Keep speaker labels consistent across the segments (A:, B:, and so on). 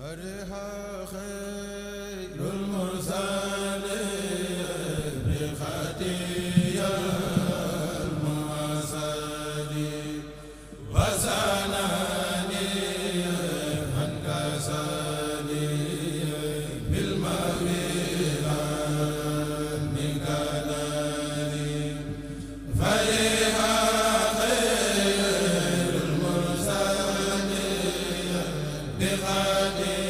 A: Har di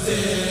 A: Muhammadin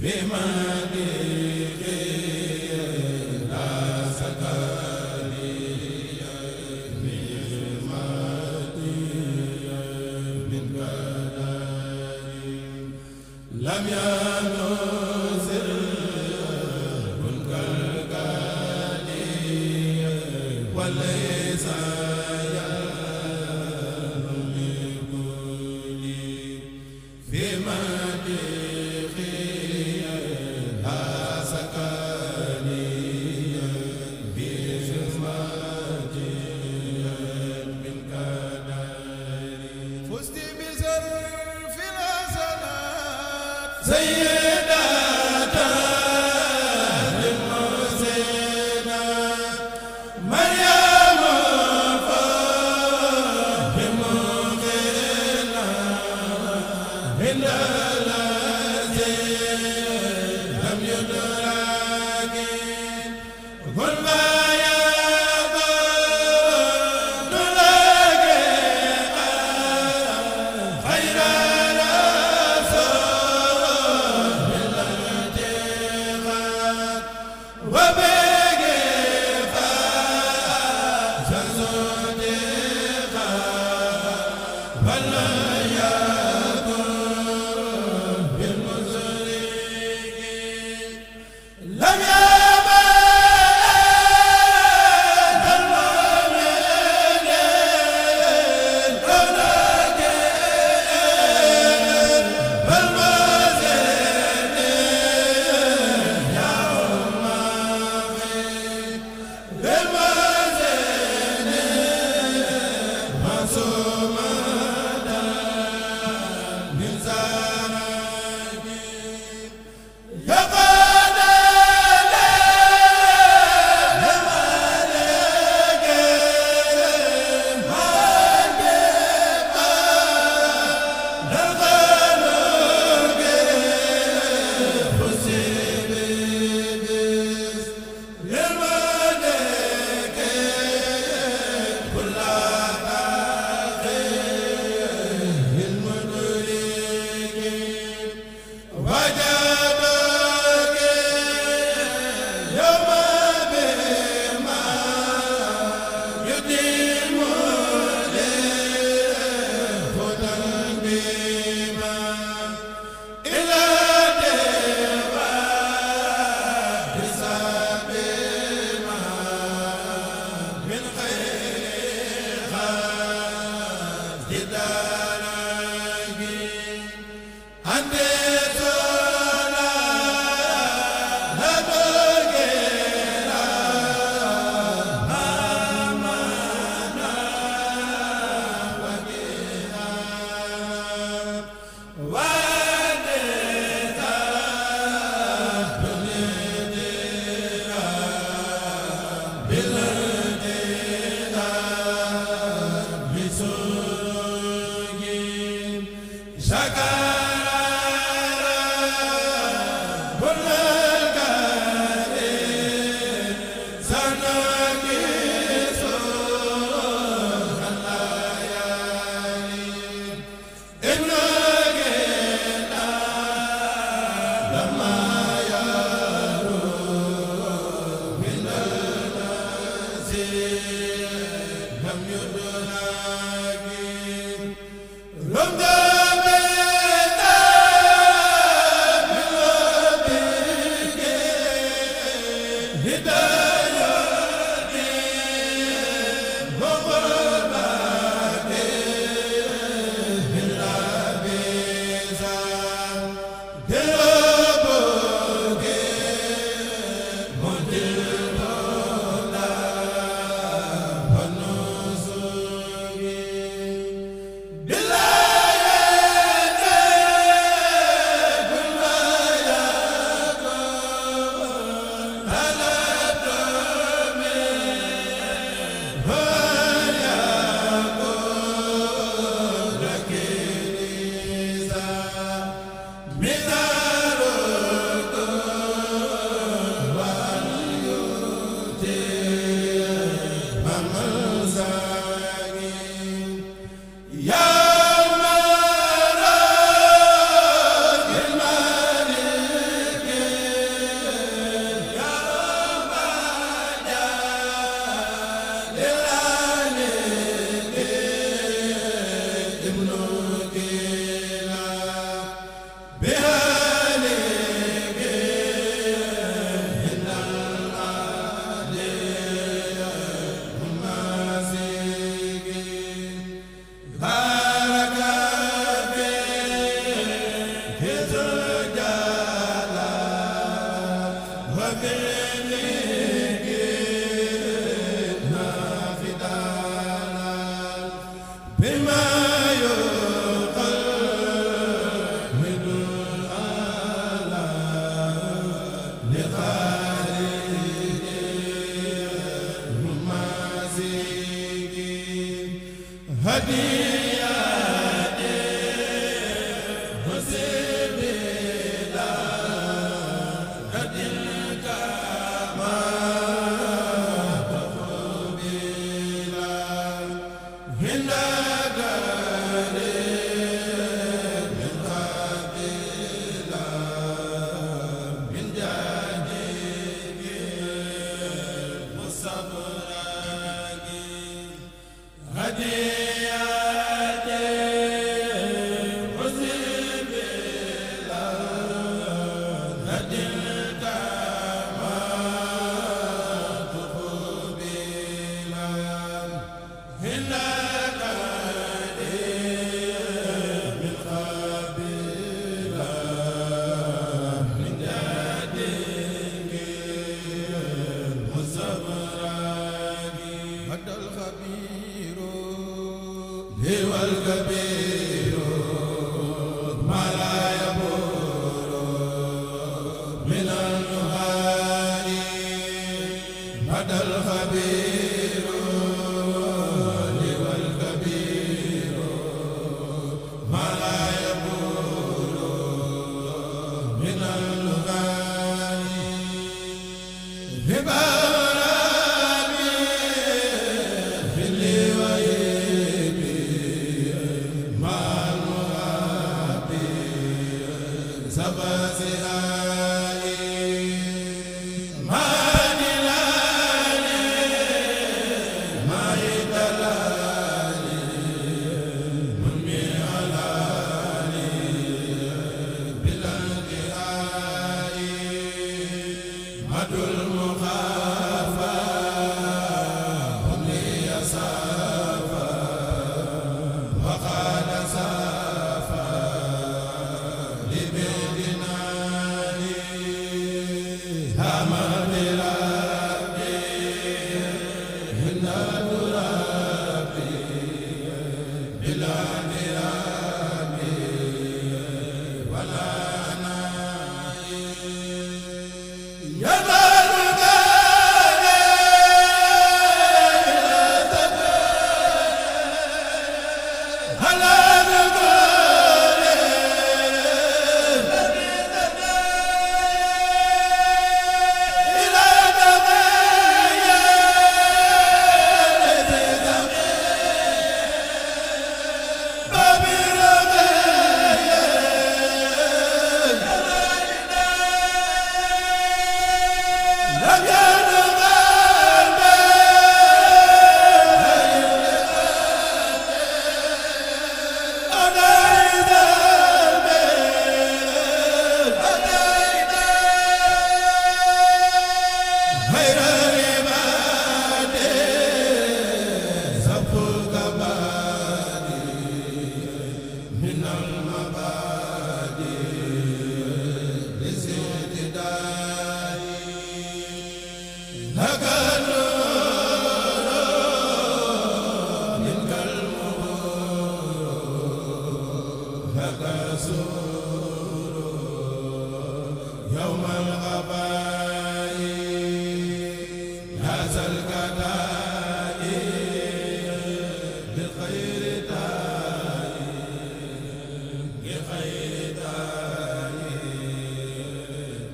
A: bi ma say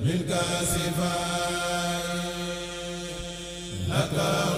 A: للكاسفين لك